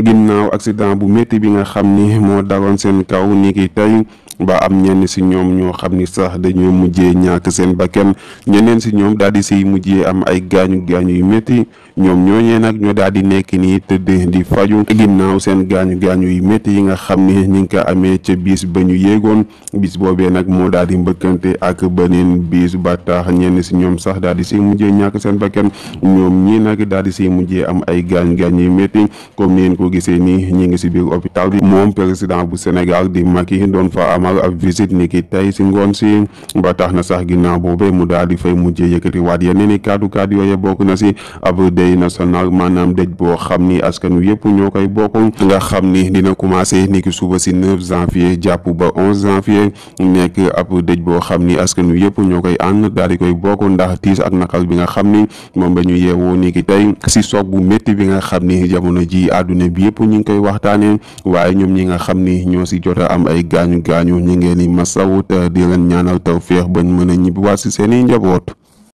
ginnaaw accident bu métti bi nga xam ni moo daloon seen kaw ni ki tey ba am ñenn si ñoom ñoo xam ni sax dañoo mujjee ñàkk seen bakkan ñeneen si ñoom daal di siy mujjee am ay gaañu gaañu yu métti ñoom ñooñee nag ñoo daal di nekk nii tëdd di faju ginnaaw seen gaañu gaañu yu métti yi nga xam ni ñu ngi ko amee ca bis ba ñu yéegoon bis boobee nag moo daal di mbëkkante ak beneen bis ba tax ñenn si ñoom sax daal di siy mujjee ñàkk seen bakkan ñii nag daal di siy mujjee am ay gaañ gaañ yu métti comme ni ko gisee nii ñu ngi si biir hôpital bi moom président bu Sénégal di Macky doon fa amal amal ab visite ni ki tey si ngoon si ba tax na sax ginnaaw boobee mu daal di fay mujjee yëkkati waat yeneen i kaddu kaddu yooye bokk na si ab deuil national maanaam dëj boo xam ni askan wi yëpp ñoo koy bokk nga xam ni dina commencé ni ki suba si 9 janvier jàpp ba 11 janvier nekk ab dëj boo xam ni askan wi yëpp ñoo koy ànd daal di koy bokk ndax tiis ak naqal bi nga xam ni moom la ñu yeewoo ni ki tey si soog bu métti bi nga xam ni jamono ji àdduna bi yëpp ñu ngi koy waxtaanee waaye ñoom ñi nga xam ni ñoo si jot am ay gaañu gaañu ñu ngeen i masaw di leen ñaanal tawféex bañ mën a ñibbiwaat si seen i njaboot